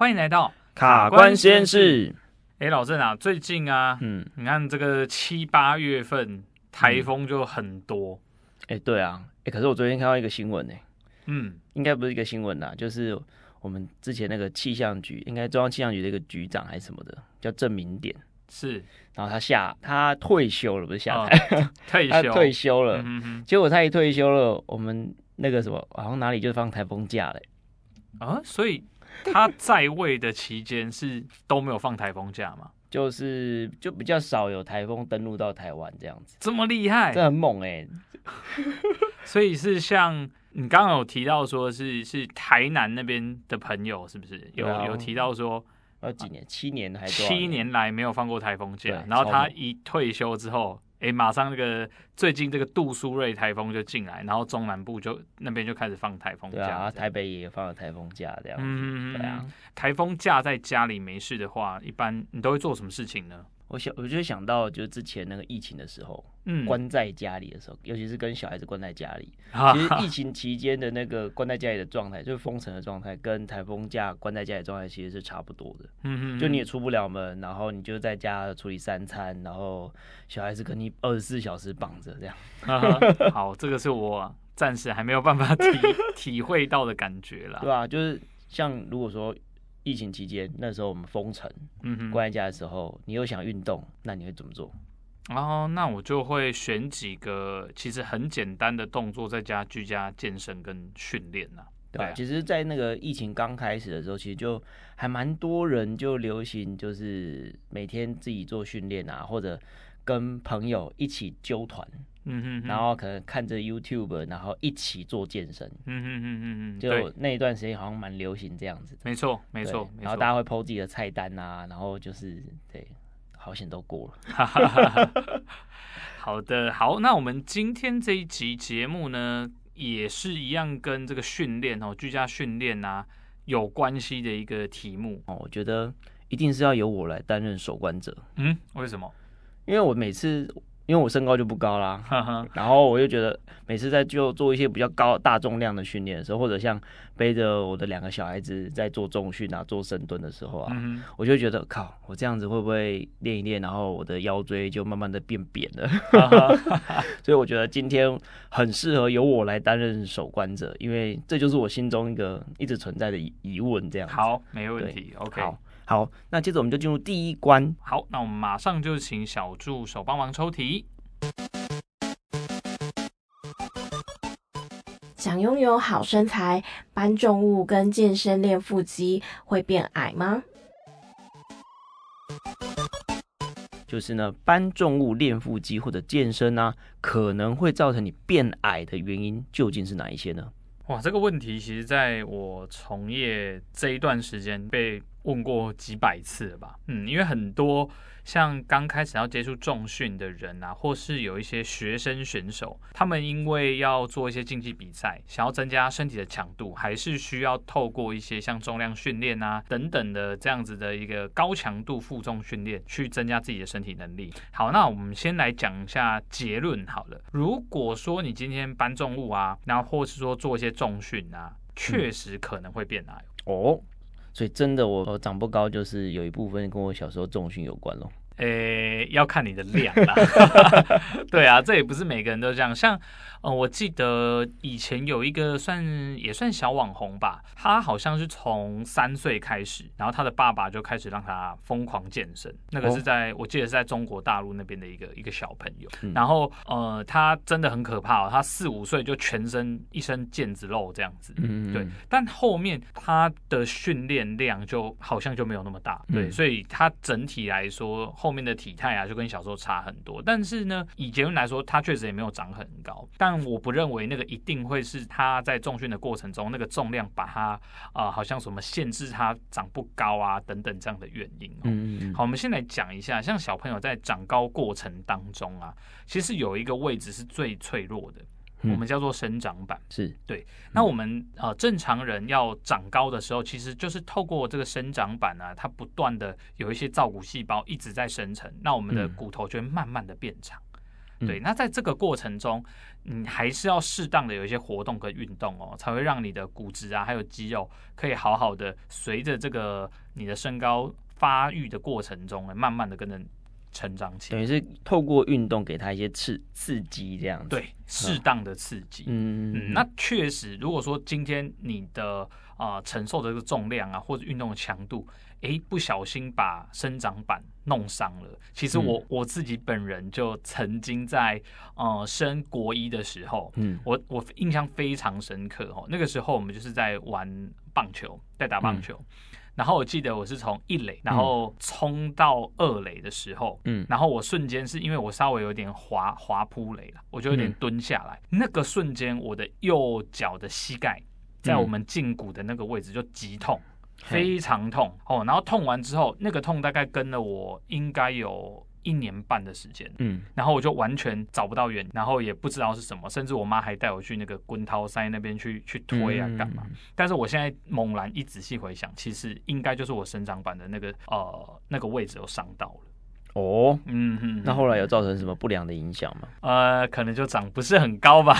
歡迎來到卡關實驗室。哎，老鄭啊，最近啊，嗯，你看這個七八月份颱風就很多。哎、嗯，對啊，哎，可是我昨天看到一個新聞呢，嗯，應該不是一個新聞啦，就是我們之前那個氣象局，應該中央氣象局那個局長還是什麼的，叫鄭明典，是，然後他下他退休了，不是下台，呃、退休 退休了，嗯、哼哼結果他一退休了，我們那個什麼，好像哪裡就放颱風假了啊，所以。 他在位的期間是都沒有放台風假嘛？就是就比較少有台風登陸到台灣這樣子，這麼厲害，這很猛哎、欸。 所以是像你剛剛有提到說是，是是台南那邊的朋友是不是、啊、有有提到說，呃，幾年？七年還是七年來沒有放過台風假？對然後他一退休之後。誒、欸，馬上那個最近這個杜蘇芮台風就進來，然後中南部就那邊就開始放台風，然後、啊、台北也放了台風假這樣。嗯，這樣台風假在家裡沒事的話，一般你都會做什麼事情呢？我想，我就想到，就是之前那個疫情的時候，嗯，關在家裡的時候，尤其是跟小孩子關在家裡。其實疫情期間的那個關在家裡的狀態，就是封城的狀態，跟台風假關在家裡狀態其實是差不多的。嗯嗯，就你也出不了門，然後你就在家處理三餐，然後小孩子跟你二十四小時綁着這樣啊。好，這個是我暫時還沒有辦法體體會到的感覺啦。對啊，就是像如果說。疫情期間，那時候我們封城，嗯哼，關在家的時候，你又想運動，那你會怎麼做？哦，那我就會選幾個其實很簡單的動作，在家居家健身跟訓練吶。對啊，其實，在那個疫情剛開始的時候，其實就還蠻多人就流行，就是每天自己做訓練啊，或者跟朋友一起揪團。嗯哼，哼，然後可能看着 YouTube，然後一起做健身。嗯哼哼哼哼，就那一段時間好像蠻流行這樣子。沒錯，沒錯。然後大家會 PO 自己的菜單啊，然後就是對，好險都過了。哈哈哈哈。好的，好，那我們今天這一集節目呢，也是一樣跟這個訓練哦，居家訓練啊有關係的一個題目哦。我覺得一定是要由我來擔任守關者。嗯，為什麼？因為我每次。因為我身高就不高啦， 然後我就覺得每次在就做一些比較高大重量的訓練的時候，或者像背着我的兩個小孩子在做重訓啊、做深蹲的時候啊，嗯、哼我就覺得靠，我這樣子會不會練一練，然後我的腰椎就慢慢的變扁了？所以我覺得今天很適合由我來擔任守關者，因為這就是我心中一個一直存在的疑問。這樣子好，沒問題。對 okay. 好。好，那接着我們就進入第一關。好，那我們馬上就請小助手幫忙抽題。想擁有好身材，搬重物跟健身練腹肌會變矮嗎？就是呢，搬重物、練腹肌或者健身呢，啊，可能會造成你變矮的原因究竟是哪一些呢？哇，這個問題其實在我從業這一段時間被。問過幾百次了吧？嗯，因為很多像剛開始要接觸重訓的人啊，或是有一些學生選手，他們因為要做一些競技比賽，想要增加身體的強度，還是需要透過一些像重量訓練啊等等的這樣子的一個高強度負重訓練，去增加自己的身體能力。好，那我們先來講一下結論好了。如果說你今天搬重物啊，然後或是說做一些重訓啊，確實可能會變矮，嗯、哦。所以真的，我我長不高，就是有一部分跟我小時候重訓有關咯。誒、欸，要看你的量啦。 對啊，這也不是每個人都這樣。像、呃、我記得以前有一個算也算小網紅吧，他好像是從三歲開始，然後他的爸爸就開始讓他瘋狂健身。那個是在、哦、我記得是在中國大陸那邊的一個一個小朋友。嗯、然後呃，他真的很可怕、哦，他四五歲就全身一身腱子肉這樣子。嗯、嗯，對。但後面他的訓練量就好像就沒有那麼大。對，嗯、所以他整體來說後。後面的體態啊，就跟小時候差很多。但是呢，以結論來說，他確實也沒有長很高。但我不認為那個一定會是他在重訓的過程中那個重量把他啊，呃，好像什麼限制他長不高啊等等這樣的原因。嗯嗯。好，我們先來講一下，像小朋友在長高過程當中啊，其實有一個位置是最脆弱的。我們叫做生長板，嗯、是對。那我們呃，正常人要長高的時候，其實就是透過這個生長板啊，它不斷的有一些造骨細胞一直在生成，那我們的骨頭就會慢慢的變長。嗯、對，那在這個過程中，你還是要適當的有一些活動跟運動哦，才會讓你的骨質啊，還有肌肉可以好好的隨着這個你的身高發育的過程中呢，慢慢的跟着。成長期等於是透過運動給他一些刺刺激這樣子，對，適當的刺激。嗯，嗯，那確實，如果說今天你的啊，呃，承受的這個重量啊，或者運動的強度，欸，不小心把生長板弄傷了，其實我，嗯，我自己本人就曾經在呃升國一的時候，嗯，我我印象非常深刻哦，那個時候我們就是在玩棒球，在打棒球。嗯。然後我記得我是從一壘，然後衝到二壘的時候，嗯，然後我瞬間是因為我稍微有點滑滑撲壘了，我就有點蹲下來，嗯、那個瞬間我的右腳的膝蓋在我們脛骨的那個位置就極痛，嗯、非常痛嘿哦。然後痛完之後，那個痛大概跟了我應該有。一年半的時間，嗯，然後我就完全找不到原因，然後也不知道是什麼，甚至我媽還帶我去那個滾濤山那邊去去推啊幹嘛。嗯、但是我現在猛然一仔細回想，其實應該就是我生長板的那個呃那個位置有傷到了。哦，嗯，那後來有造成什麼不良的影響嗎？呃，可能就長不是很高吧。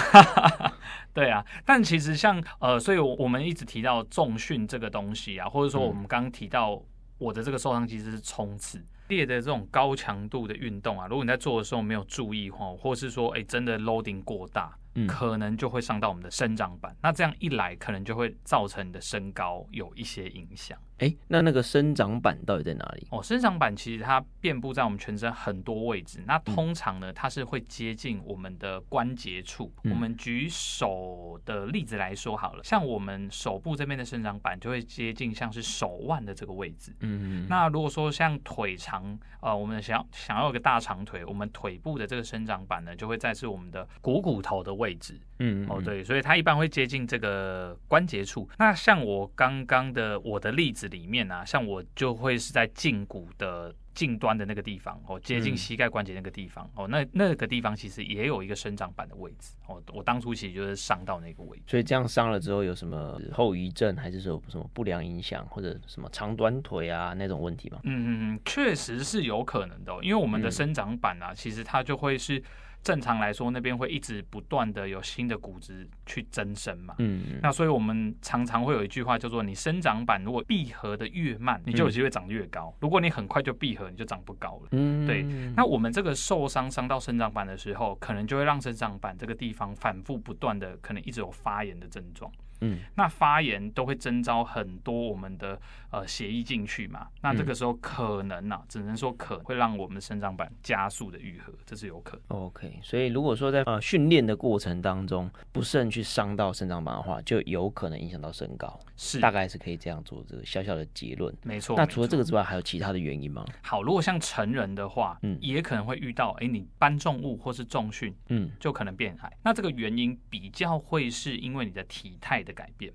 對啊，但其實像呃，所以我們一直提到重訓這個東西啊，或者說我們剛提到我的這個受傷其實是衝刺。烈的這種高強度的運動啊，如果你在做的時候沒有注意哈，或是說，誒，真的 loading 過大。可能就會傷到我們的生長板，那這樣一來，可能就會造成你的身高有一些影響。哎、欸，那那個生長板到底在哪裡？哦，生長板其實它遍布在我們全身很多位置。那通常呢，它是會接近我們的關節處。嗯、我們舉手的例子來說好了，像我們手部這邊的生長板就會接近，像是手腕的這個位置。嗯，嗯，那如果說像腿長，呃，我們想要想要一個大長腿，我們腿部的這個生長板呢，就會在是我們的股骨頭的位置。位置，嗯哦、嗯、對，所以它一般會接近這個關節處。那像我剛剛的我的例子裡面呢、啊，像我就會是在脛骨的近端的那個地方，哦，接近膝蓋關節那個地方，哦，那那個地方其實也有一個生長板的位置。哦，我當初其實就是傷到那個位置。所以這樣傷了之後有什麼後遺症，還是有什麼不良影響，或者什麼長短腿啊那種問題嗎？嗯嗯嗯，確實是有可能的，因為我們的生長板啊，其實它就會是。正常來說，那邊會一直不斷的有新的骨質去增生嘛。嗯，那所以我們常常會有一句話叫做：就是、你生長板如果閉合的越慢，你就有機會長得越高；嗯、如果你很快就閉合，你就長不高了。嗯，對。那我們這個受傷傷到生長板的時候，可能就會讓生長板這個地方反復不斷的，可能一直有發炎的症狀。嗯，那發炎都會徵召很多我們的呃血液進去嘛。那這個時候可能呢、啊，嗯、只能說可能會讓我們的生長板加速的愈合，這是有可能。OK，所以如果說在呃訓練的過程當中不慎去傷到生長板的話，就有可能影響到身高，是大概是可以這樣做這個小小的結論。沒錯錯。那除了這個之外，錯還有其他的原因嗎？好，如果像成人的話，嗯，也可能會遇到，哎、欸，你搬重物或是重訓，嗯，就可能變矮。那這個原因比較會是因為你的體態的。改變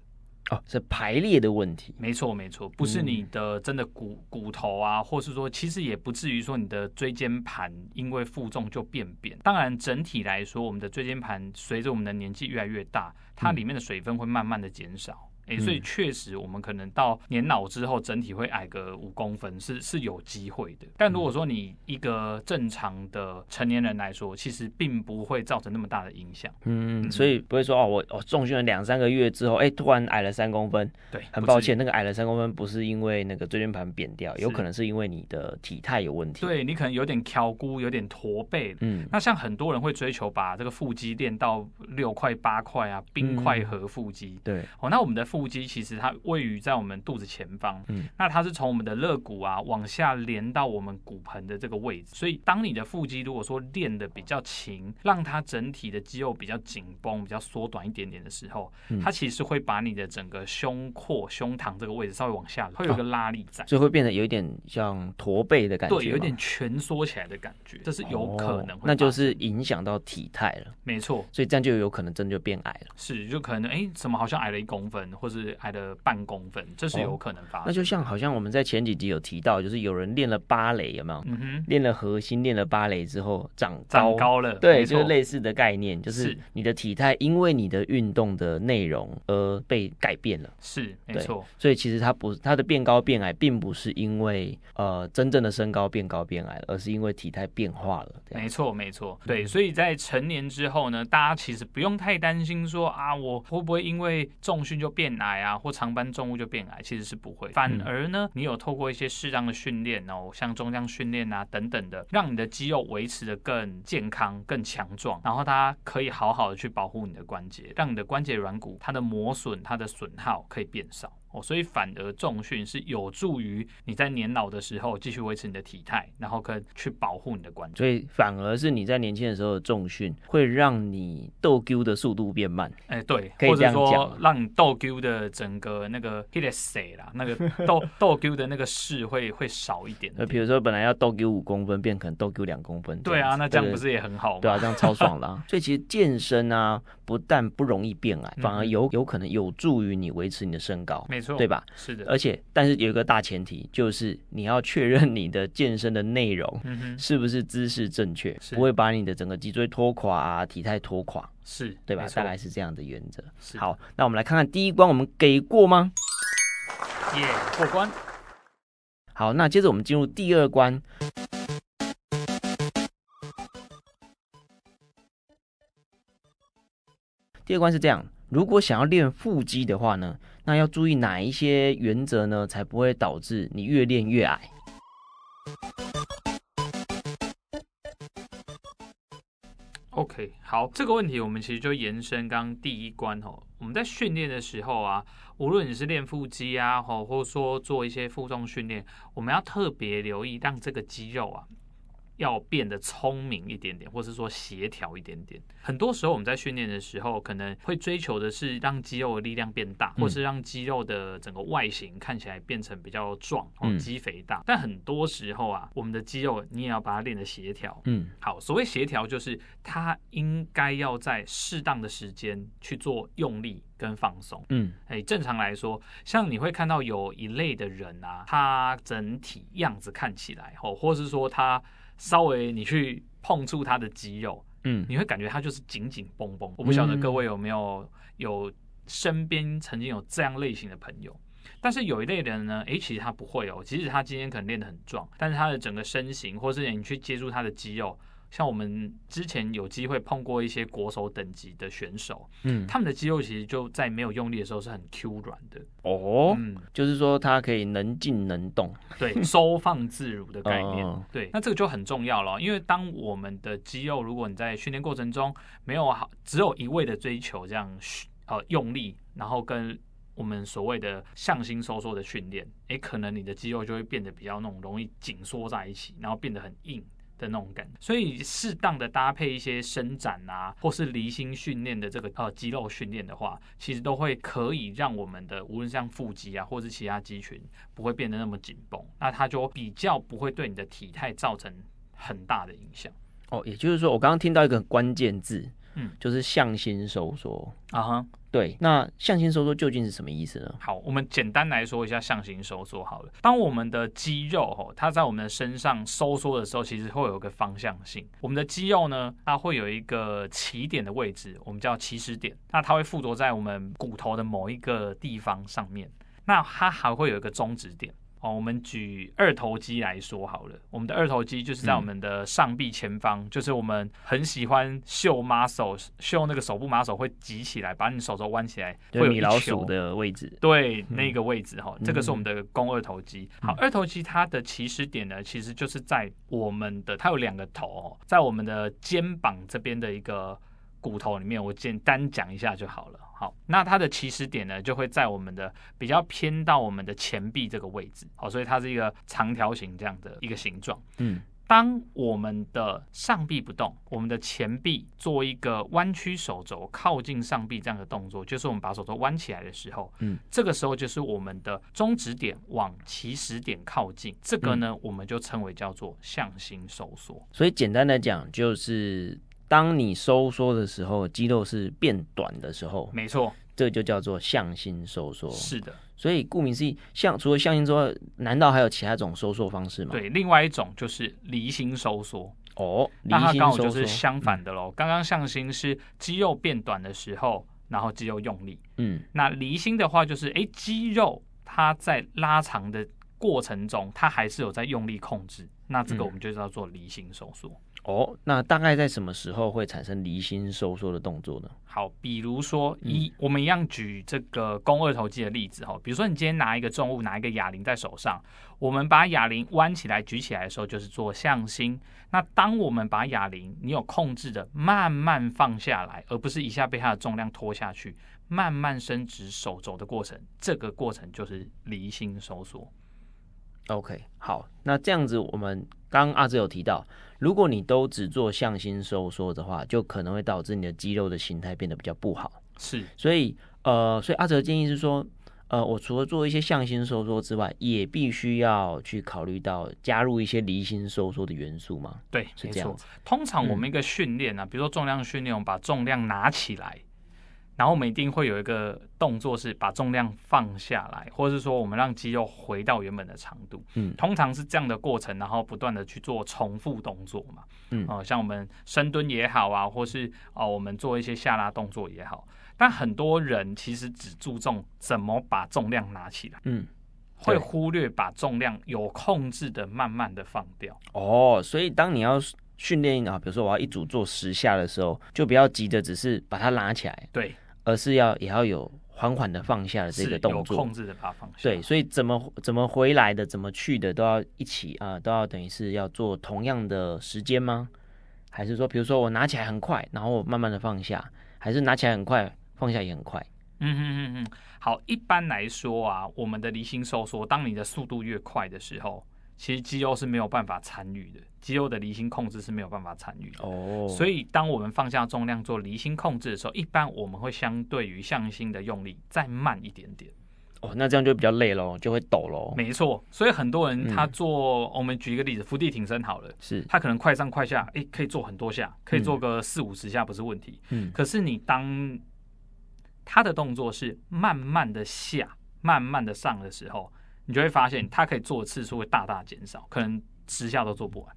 哦，是排列的問題。沒錯，沒錯，不是你的真的骨、嗯、骨頭啊，或是說，其實也不至於說你的椎間盤因為負重就變扁。當然，整體來說，我們的椎間盤隨着我們的年紀越來越大，它裡面的水分會慢慢的減少。嗯哎、欸，所以確實，我們可能到年老之後，整體會矮個五公分，是是有機會的。但如果說你一個正常的成年人來說，其實並不會造成那麼大的影響。嗯，所以不會說哦，我我、哦、重訓了兩三個月之後，哎、欸，突然矮了三公分。對，很抱歉，是那個矮了三公分不是因為那個椎間盤扁掉，有可能是因為你的體態有問題。對，你可能有點挑估，有點駝背。嗯，那像很多人會追求把這個腹肌練到六塊八塊啊，冰塊和腹肌。嗯、對，哦，那我們的，腹肌其實它位於在我們肚子前方，嗯，那它是從我們的肋骨啊往下連到我們骨盆的這個位置。所以當你的腹肌如果說練的比較勤，讓它整體的肌肉比較緊繃、比較縮短一點點的時候，它其實會把你的整個胸廓、胸膛這個位置稍微往下，會有一個拉力在，就、啊、會變得有一點像駝背的感覺，對，有一點蜷縮起來的感覺，這是有可能、哦，那就是影響到體態了，沒錯。所以這樣就有可能真的就變矮了，是，就可能哎、欸，怎麼好像矮了一公分？或是矮了半公分，這是有可能發生的、哦。那就像好像我們在前幾集有提到，就是有人練了芭蕾，有沒有？嗯哼。練了核心，練了芭蕾之後長高長高了。對，錯就是類似的概念，就是你的體態因為你的運動的內容而被改變了。是，對沒錯錯。所以其實它不，它的變高變矮，並不是因為呃真正的身高變高變矮，而是因為體態變化了沒。沒錯，沒錯。對，嗯、所以在成年之後呢，大家其實不用太擔心說啊，我會不會因為重訓就變了矮啊，或常搬重物就變矮，其實是不會。反而呢，你有透過一些適當的訓練哦，像重量訓練啊等等的，讓你的肌肉維持的更健康、更強壯，然後它可以好好的去保護你的關節，讓你的關節軟骨它的磨損、它的損耗可以變少。哦，所以反而重訓是有助於你在年老的時候繼續維持你的體態，然後可以去保護你的關節。所以反而是你在年輕的時候的重訓，會讓你豆 Q 的速度變慢。哎、欸，對，可以這樣說，或者說讓你抖 Q 的整個那個 h i l l s 啦， 那個抖抖 Q 的那個勢會 會少一點點。那比如說本來要豆 Q 五公分，變可能抖 Q 兩公分。對啊，那這樣不是也很好嗎？對,對啊，這樣超爽啦。 所以其實健身啊，不但不容易變矮，反而有有可能有助於你維持你的身高。對吧？是的，而且但是有一個大前提，就是你要確認你的健身的內容是不是姿勢正確，嗯、哼不會把你的整個脊椎拖垮啊，體態拖垮，是對吧？錯大概是這樣的原則。是好，那我們來看看第一關，我們給過嗎？耶。過關。好，那接着我們進入第二關。第二關是這樣，如果想要練腹肌的話呢？那要注意哪一些原則呢？才不會導致你越練越矮？OK，好，這個問題我們其實就延伸剛剛第一關哦。我們在訓練的時候啊，無論你是練腹肌啊，吼，或者說做一些負重訓練，我們要特別留意讓這個肌肉啊。要變得聰明一點點，或是說協調一點點。很多時候我們在訓練的時候，可能會追求的是讓肌肉的力量變大，嗯、或是讓肌肉的整個外形看起來變成比較壯、哦，肌肥大。嗯、但很多時候啊，我們的肌肉你也要把它練得協調。嗯，好，所謂協調就是它應該要在適當的時間去做用力跟放鬆。嗯，誒、欸，正常來說，像你會看到有一類的人啊，他整體樣子看起來哦，或是說他。稍微你去碰觸他的肌肉，嗯，你會感覺他就是緊緊繃繃。我不曉得各位有沒有有身邊曾經有這樣類型的朋友，嗯、但是有一類人呢，誒、欸，其實他不會哦。即使他今天可能練得很壯，但是他的整個身形，或是你去接觸他的肌肉。像我們之前有機會碰過一些國手等級的選手，嗯，他們的肌肉其實就在沒有用力的時候是很 Q 軟的哦，嗯、就是說它可以能靜能動，對，收放自如的概念，哦、對，那這個就很重要了，因為當我們的肌肉如果你在訓練過程中沒有好，只有一味的追求這樣，呃，用力，然後跟我們所謂的向心收縮的訓練，誒、欸，可能你的肌肉就會變得比較那種容易緊縮在一起，然後變得很硬。的那種感，所以適當的搭配一些伸展啊，或是離心訓練的這個呃、啊、肌肉訓練的話，其實都會可以讓我們的無論像腹肌啊，或是其他肌群不會變得那麼緊繃，那它就比較不會對你的體態造成很大的影響。哦，也就是說，我剛剛聽到一個關鍵字。嗯，就是向心收縮啊哈，uh huh、對，那向心收縮究竟是什麼意思呢？好，我們簡單來說一下向心收縮好了。當我們的肌肉吼，它在我們的身上收縮的時候，其實會有一個方向性。我們的肌肉呢，它會有一個起點的位置，我們叫起始點。那它會附着在我們骨頭的某一個地方上面。那它還會有一個終止點。哦，我們舉二頭肌來說好了。我們的二頭肌就是在我們的上臂前方，嗯、就是我們很喜歡秀 muscle，秀那個手部 muscle 會擠起來，把你手肘彎起來，對米老鼠的位置，嗯、對那個位置哈、哦，嗯、這個是我們的肱二頭肌。好，嗯、二頭肌它的起始點呢，其實就是在我們的它有兩個頭、哦，在我們的肩膀這邊的一個骨頭裡面，我簡單講一下就好了。好，那它的起始點呢，就會在我們的比較偏到我們的前臂這個位置，好，所以它是一個長條形這樣的一個形狀。嗯，當我們的上臂不動，我們的前臂做一個彎曲手肘靠近上臂這樣的動作，就是我們把手肘彎起來的時候，嗯，這個時候就是我們的終止點往起始點靠近，這個呢，嗯、我們就稱為叫做向心收縮。所以簡單來講，就是。當你收縮的時候，肌肉是變短的時候，沒錯，這就叫做向心收縮。是的，所以顧名思義，像除了向心之外，難道還有其他種收縮方式嗎？對，另外一種就是離心收縮。哦，離心收縮。那它剛好就是相反的嘍。嗯，剛剛向心是肌肉變短的時候，然後肌肉用力。嗯，那離心的話就是，哎，肌肉它在拉長的過程中，它還是有在用力控制。那這個我們就叫做離心收縮。嗯哦，oh, 那大概在什麼時候會產生離心收縮的動作呢？好，比如說一，我們一樣舉這個肱二頭肌的例子哈。嗯、比如說你今天拿一個重物，拿一個啞鈴在手上，我們把啞鈴彎起來舉起來的時候，就是做向心。那當我們把啞鈴，你有控制的慢慢放下來，而不是一下被它的重量拖下去，慢慢伸直手肘的過程，這個過程就是離心收縮。OK，好，那這樣子，我們剛剛阿澤有提到。如果你都只做向心收縮的話，就可能會導致你的肌肉的形態變得比較不好。是，所以呃，所以阿澤建議是說，呃，我除了做一些向心收縮之外，也必須要去考慮到加入一些離心收縮的元素嘛？對，是這樣。通常我們一個訓練啊，嗯、比如說重量訓練，我們把重量拿起來。然後我們一定會有一個動作是把重量放下來，或者是說我們讓肌肉回到原本的長度。嗯，通常是這樣的過程，然後不斷的去做重複動作嘛。嗯，哦、呃，像我們深蹲也好啊，或是哦、呃、我們做一些下拉動作也好，但很多人其實只注重怎麼把重量拿起來，嗯，會忽略把重量有控制的慢慢的放掉。哦，所以當你要訓練啊，比如說我要一組做十下的時候，就不要急着只是把它拿起來。對。而是要也要有緩緩的放下的這個動作，控制著它放下。對，所以怎麼怎麼回來的，怎麼去的，都要一起啊，都要等於是要做同樣的時間嗎？還是說，比如說我拿起來很快，然後我慢慢的放下，還是拿起來很快，放下也很快？嗯嗯嗯嗯。好，一般來說啊，我們的離心收縮，當你的速度越快的時候。其實肌肉是沒有辦法參與的，肌肉的離心控制是沒有辦法參與的。哦，oh. 所以當我們放下重量做離心控制的時候，一般我們會相對於向心的用力再慢一點點。哦，oh, 那這樣就比較累咯，就會抖咯。沒錯，所以很多人他做，嗯、我們舉一個例子，伏地挺身好了，是，他可能快上快下，哎，可以做很多下，可以做個四五十下不是問題。嗯，可是你當他的動作是慢慢的下，慢慢的上的時候。你就會發現，他可以做的次數會大大減少，可能十下都做不完。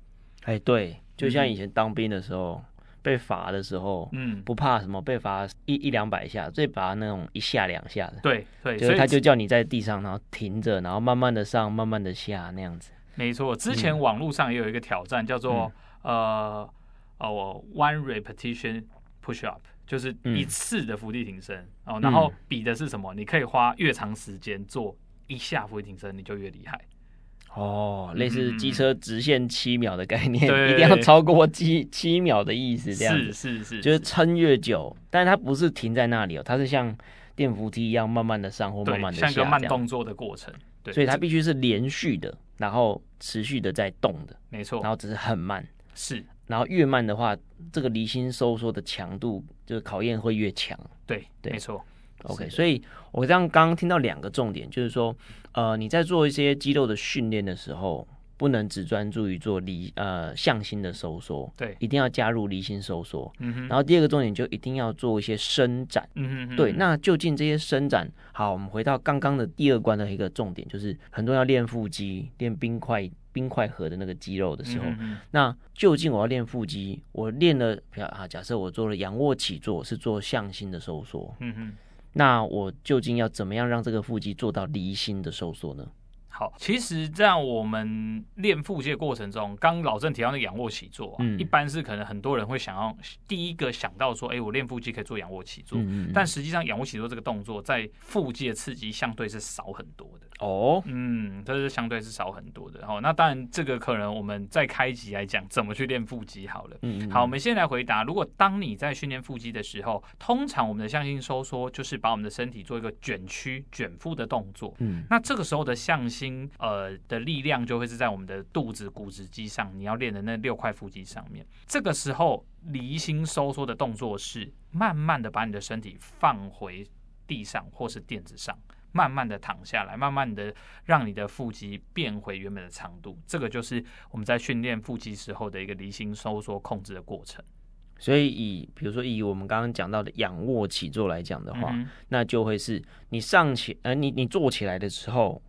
哎、欸，對，就像以前當兵的時候、嗯、哼被罰的時候，嗯，不怕什麼被罰一一兩百下，最怕那種一下兩下的。對對，所以他就叫你在地上，然後停着，然後慢慢的上，慢慢的下那樣子。沒錯，之前網絡上也有一個挑戰、嗯、叫做、嗯、呃哦 one repetition push up，就是一次的伏地挺身、嗯、哦，然後比的是什麼？你可以花越長時間做，一下不停車，你就越厲害哦。嗯、類似機車直線七秒的概念，對一定要超過七七秒的意思，這樣是是是，是是就是撐越久，是是，但是它不是停在那裡哦，它是像電扶梯一樣慢慢的上或慢慢的下，對一個慢動作的過程，對，所以它必須是連續的，然後持續的在動的，沒錯對，然後只是很慢，是，然後越慢的話，這個離心收縮的強度就是考驗會越強，對，對沒錯。OK，的所以我這樣剛剛聽到兩個重點，就是說，呃，你在做一些肌肉的訓練的時候，不能只專注於做離呃向心的收縮，對，一定要加入離心收縮。嗯哼然後第二個重點就一定要做一些伸展。嗯哼對，那究竟這些伸展。好，我們回到剛剛的第二關的一個重點，就是很多人要練腹肌、練冰塊冰塊核的那個肌肉的時候，嗯、哼那究竟我要練腹肌？我練了，啊，假設我做了仰臥起坐，是做向心的收縮。嗯嗯。那我究竟要怎麼樣讓這個腹肌做到離心的收縮呢？好，其實，在我們練腹肌的過程中，剛老鄭提到那個仰臥起坐啊，嗯、一般是可能很多人會想要第一個想到說，哎、欸，我練腹肌可以做仰臥起坐，嗯、但實際上仰臥起坐這個動作在腹肌的刺激相對是少很多的。哦，oh? 嗯，這、就是相對是少很多的，哦！那當然這個可能我們在開集來講怎麼去練腹肌好了。嗯、嗯，好，我們先來回答，如果當你在訓練腹肌的時候，通常我們的向心收縮就是把我們的身體做一個捲曲捲腹的動作，嗯、嗯，那這個時候的向心呃的力量就會是在我們的肚子股直肌上，你要練的那六塊腹肌上面。這個時候離心收縮的動作是慢慢的把你的身體放回地上或是墊子上。慢慢的躺下來，慢慢的讓你的腹肌變回原本的長度，這個就是我們在訓練腹肌時候的一個離心收縮控制的過程。所以以比如說以我們剛剛講到的仰臥起坐來講的話，嗯哼，那就會是你上起呃你你坐起來的時候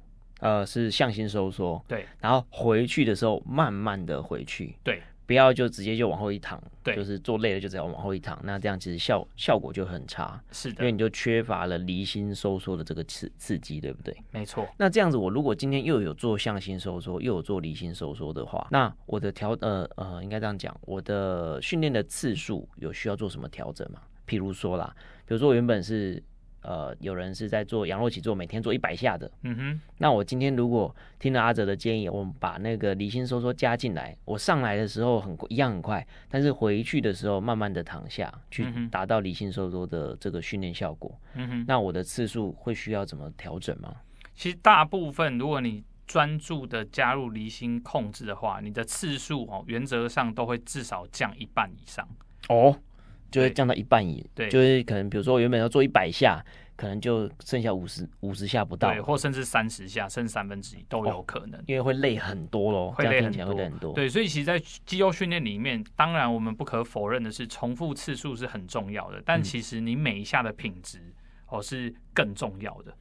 呃是向心收縮，對，然後回去的時候慢慢的回去，對。不要就直接就往後一躺，對，就是做累了就這樣往後一躺，那這樣其實效效果就很差，是的，因為你就缺乏了離心收縮的這個刺刺激，對不對？沒錯。那這樣子，我如果今天又有做向心收縮，又有做離心收縮的話，那我的調呃呃，應該這樣講，我的訓練的次數有需要做什麼調整嗎？譬如說啦，比如說我原本是。呃，有人是在做仰臥起坐，每天做一百下的。嗯哼。那我今天如果聽了阿澤的建議，我們把那個離心收縮加進來，我上來的時候很一樣很快，但是回去的時候慢慢的躺下去，達到離心收縮的這個訓練效果。嗯哼。那我的次數會需要怎麼調整嗎？其實大部分，如果你專注的加入離心控制的話，你的次數哦，原則上都會至少降一半以上。哦。就會降到一半以，對，就是可能比如說我原本要做一百下，可能就剩下五十五十下不到，對，或甚至三十下，剩三分之一都有可能，哦，因為會累很多咯，會累很多、累很多。對，所以其實，在肌肉訓練裡面，當然我們不可否認的是，重複次數是很重要的，但其實你每一下的品質哦是更重要的。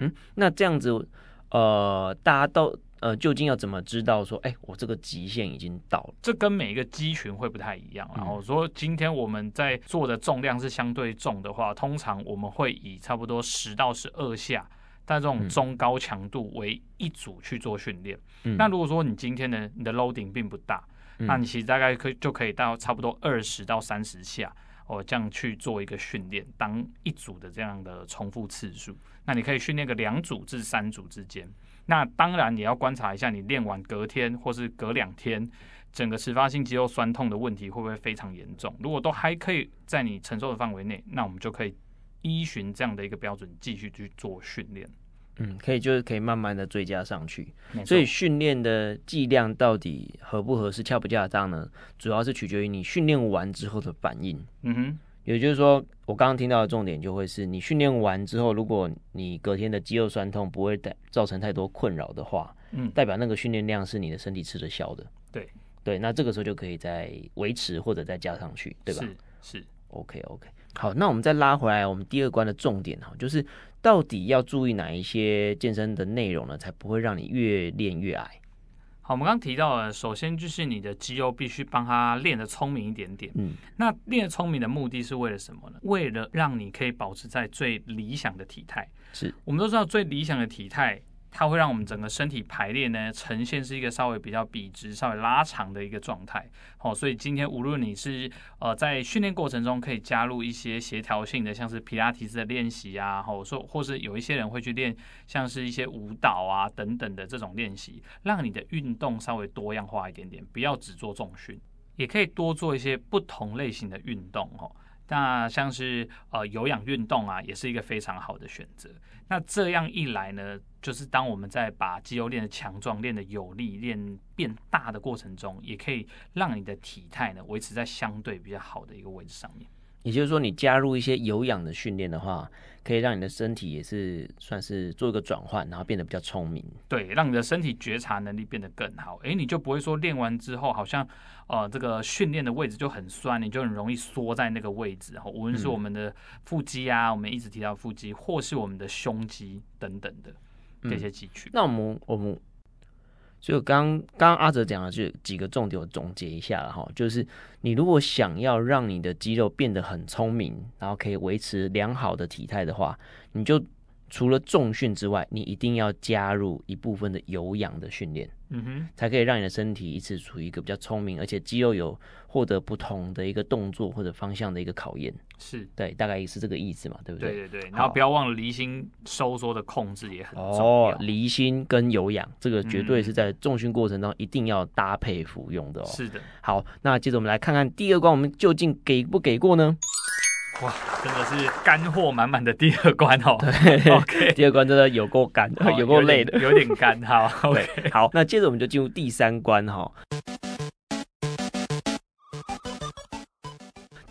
嗯，那這樣子，呃，大家都。呃，究竟要怎麼知道說，哎、欸，我這個極限已經到了？這跟每一個肌群會不太一樣。然後、嗯、說，今天我們在做的重量是相對重的話，通常我們會以差不多十到十二下，但這種中高強度為一組去做訓練。嗯、那如果說你今天的你的 loading 並不大，嗯、那你其實大概可以就可以到差不多二十到三十下，我、哦、這樣去做一個訓練，當一組的這樣的重複次數。那你可以訓練個兩組至三組之間。那當然你要觀察一下，你練完隔天或是隔兩天，整個遲發性肌肉痠痛的問題會不會非常嚴重？如果都還可以在你承受的範圍內，那我們就可以依循這樣的一個標準繼續去做訓練。嗯，可以，就是可以慢慢的追加上去。沒錯。所以訓練的劑量到底合不合適、恰不恰當呢？主要是取決於你訓練完之後的反應。嗯哼。也就是說，我剛剛聽到的重點就會是你訓練完之後，如果你隔天的肌肉酸痛不會帶造成太多困擾的話，嗯，代表那個訓練量是你的身體吃得消的。對，對，那這個時候就可以再維持或者再加上去，對吧？是是，OK OK。好，那我們再拉回來，我們第二關的重點哈，就是到底要注意哪一些健身的內容呢，才不會讓你越練越矮？我們剛提到了，首先就是你的肌肉必須幫他練得聰明一點點。嗯，那練得聰明的目的是為了什麼呢？為了讓你可以保持在最理想的體態。是，我們都知道最理想的體態。它會讓我們整個身體排列呢，呈現是一個稍微比較筆直、稍微拉長的一個狀態。哦，所以今天無論你是呃在訓練過程中，可以加入一些協調性的，像是皮拉提斯的練習啊，吼、哦、說，或是有一些人會去練像是一些舞蹈啊等等的這種練習，讓你的運動稍微多樣化一點點，不要只做重訓，也可以多做一些不同類型的運動。吼、哦，那像是呃有氧運動啊，也是一個非常好的選擇。那這樣一來呢，就是當我們在把肌肉練的強壯、練的有力、練變大的過程中，也可以讓你的體態呢維持在相對比較好的一個位置上面。也就是說，你加入一些有氧的訓練的話。可以讓你的身體也是算是做一個轉換，然後變得比較聰明。對，讓你的身體覺察能力變得更好。誒、欸，你就不會說練完之後好像呃這個訓練的位置就很酸，你就很容易縮在那個位置。然後無論是我們的腹肌啊，嗯、我們一直提到腹肌，或是我們的胸肌等等的這些肌群，嗯。那我們我們。所以我剛剛，剛阿澤講的就幾個重點，我總結一下了哈。就是你如果想要讓你的肌肉變得很聰明，然後可以維持良好的體態的話，你就除了重訓之外，你一定要加入一部分的有氧的訓練，嗯哼，才可以讓你的身體一直處於一個比較聰明，而且肌肉有獲得不同的一個動作或者方向的一個考驗。是對，大概也是這個意思嘛，對不對？對對對，好然後不要忘了離心收縮的控制也很重要。哦，離心跟有氧，這個絕對是在重訓過程中一定要搭配服用的哦。是的。好，那接着我們來看看第二關，我們究竟給不給過呢？哇，真的是乾貨滿滿的第二關哦。對。 OK。第二關真的有夠乾，哦、 有夠累的，有點，有點乾，好、okay、好，那接着我們就進入第三關哈、哦。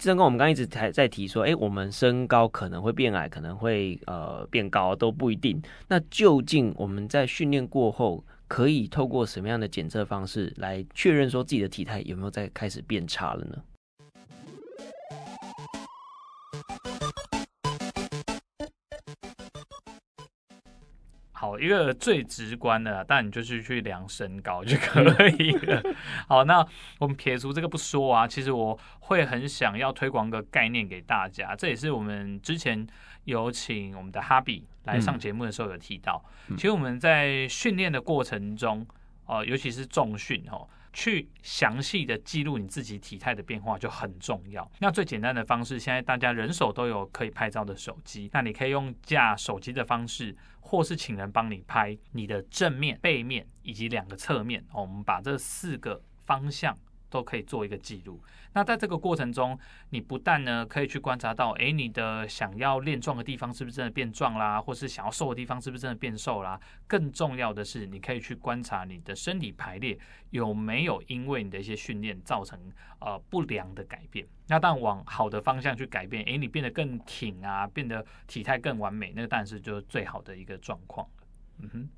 身跟我們剛一直在在提說，誒、欸，我們身高可能會變矮，可能會呃變高，都不一定。那究竟我們在訓練過後，可以透過什麼樣的檢測方式來確認說自己的體態有沒有在開始變差了呢？好，一個最直觀的，但你就是去量身高就可以了。嗯、 好，那我們撇除這個不說啊，其實我會很想要推廣個概念給大家，這也是我們之前有請我們的哈比來上節目的時候有提到。嗯、其實我們在訓練的過程中。呃，尤其是重訓哦，去詳細的記錄你自己體態的變化就很重要。那最簡單的方式，現在大家人手都有可以拍照的手機，那你可以用架手機的方式，或是請人幫你拍你的正面、背面以及兩個側面。我們把這四個方向。都可以做一個記錄。那在這個過程中，你不但呢可以去觀察到，誒，你的想要練壯的地方是不是真的變壯啦，或是想要瘦的地方是不是真的變瘦啦？更重要的是，你可以去觀察你的身體排列有沒有因為你的一些訓練造成呃不良的改變。那當然往好的方向去改變，誒，你變得更挺啊，變得體態更完美，那個但是就是最好的一個狀況。嗯哼，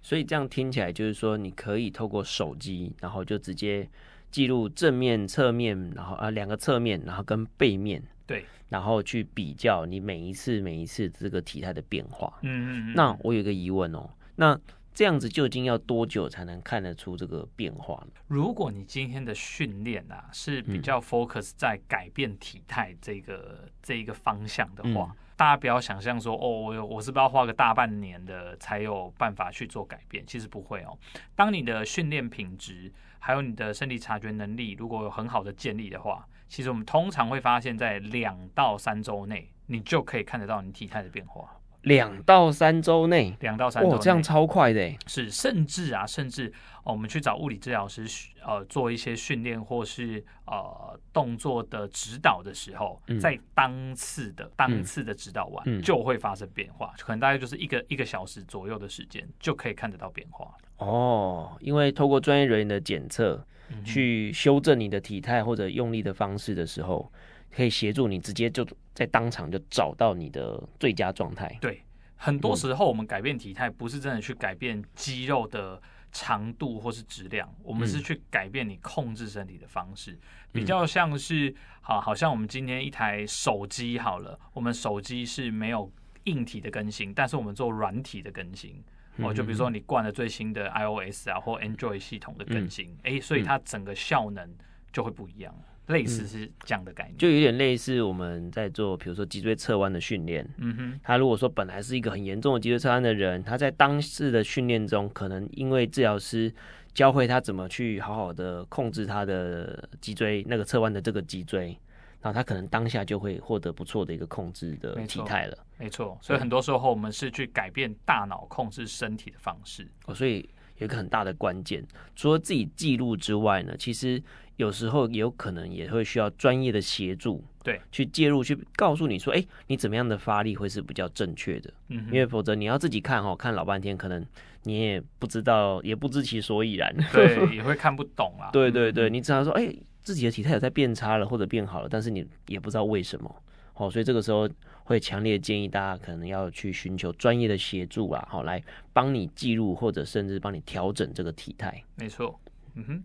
所以這樣聽起來就是說，你可以透過手機，然後就直接。記錄正面、側面，然後啊、呃，兩個側面，然後跟背面，對，然後去比較你每一次、每一次這個體態的變化。嗯嗯嗯。那我有一個疑問哦，那這樣子究竟要多久才能看得出這個變化？如果你今天的訓練啊是比較 focus 在改變體態這個、嗯、這一個方向的話，嗯、大家不要想象說哦，我我是不是要花個大半年的才有辦法去做改變，其實不會哦。當你的訓練品質，還有你的身體察覺能力，如果有很好的建立的話，其實我們通常會發現，在兩到三週內，你就可以看得到你體態的變化。兩到三周內，兩到三周、哦，這樣超快的，是甚至啊，甚至我們去找物理治療師，呃，做一些訓練，或是呃動作的指導的時候，嗯、在當次的當次的指導完，嗯、就會發生變化，嗯、可能大概就是一個一個小時左右的時間，就可以看得到變化。哦，因為透過專業人員的檢測，嗯、哼去修正你的體態或者用力的方式的時候。可以協助你直接就在當場就找到你的最佳狀態。對，很多時候我們改變體態不是真的去改變肌肉的長度或是質量，我們是去改變你控制身體的方式，嗯、比較像是好，好像我們今天一台手機好了，我們手機是沒有硬體的更新，但是我們做軟體的更新，哦、嗯，就比如說你灌了最新的 iOS 啊或 Android 系統的更新，嗯、誒，所以它整個效能就會不一樣。類似是這樣的概念。嗯，就有點類似我們在做，比如說脊椎側彎的訓練。嗯哼，他如果說本來是一個很嚴重的脊椎側彎的人，他在當時的訓練中，可能因為治療師教會他怎麼去好好的控制他的脊椎，那個側彎的這個脊椎，然後他可能當下就會獲得不錯的一個控制的體態了。沒錯，所以很多時候我們是去改變大腦控制身體的方式。嗯。哦，所以。有一個很大的關鍵，除了自己記錄之外呢，其實有時候也有可能也會需要專業的協助，對，去介入對去告訴你說，哎、欸，你怎麼樣的發力會是比較正確的？嗯哼，因為否則你要自己看哦，看老半天，可能你也不知道，也不知其所以然，對， 也會看不懂啊。對對對，你只要說，哎、欸，自己的體態有在變差了，或者變好了，但是你也不知道為什麼。哦，所以這個時候會強烈建議大家可能要去尋求專業的協助啦，好，來幫你記錄或者甚至幫你調整這個體態。沒錯，嗯哼，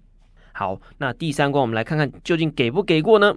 好，那第三關我們來看看究竟給不給過呢？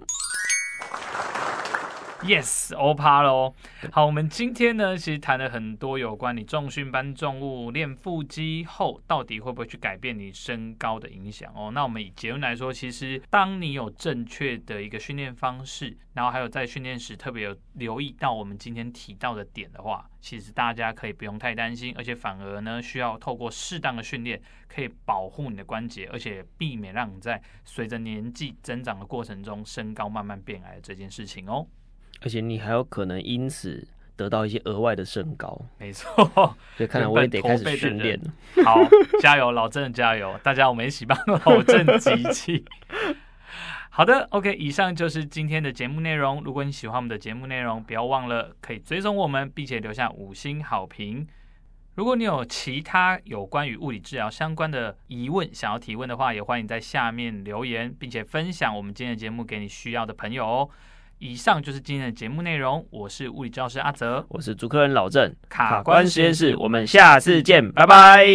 Yes, o 怕咯、哦。好，我們今天呢，其實談了很多有關你重訓搬重物、練腹肌後到底會不會去改變你身高的影響哦。那我們以結論來說，其實當你有正確的一個訓練方式，然後還有在訓練時特別有留意到我們今天提到的點的話，其實大家可以不用太擔心，而且反而呢，需要透過適當的訓練，可以保護你的關節，而且避免讓你在隨着年紀增長的過程中，身高慢慢變矮的這件事情哦。而且你還有可能因此得到一些額外的身高，沒錯。所以看來我也得開始訓練了。好，加油， 老鄭加油！大家我們一起幫老鄭集氣。 好的，OK，以上就是今天的節目內容。如果你喜歡我們的節目內容，不要忘了可以追蹤我們，並且留下五星好評。如果你有其他有關於物理治療相關的疑問，想要提問的話，也歡迎在下面留言，並且分享我們今天的節目給你需要的朋友哦。以上就是今天的節目內容。我是物理治療師阿澤，我是主持人老鄭，卡關實驗室，我們下次見，拜拜。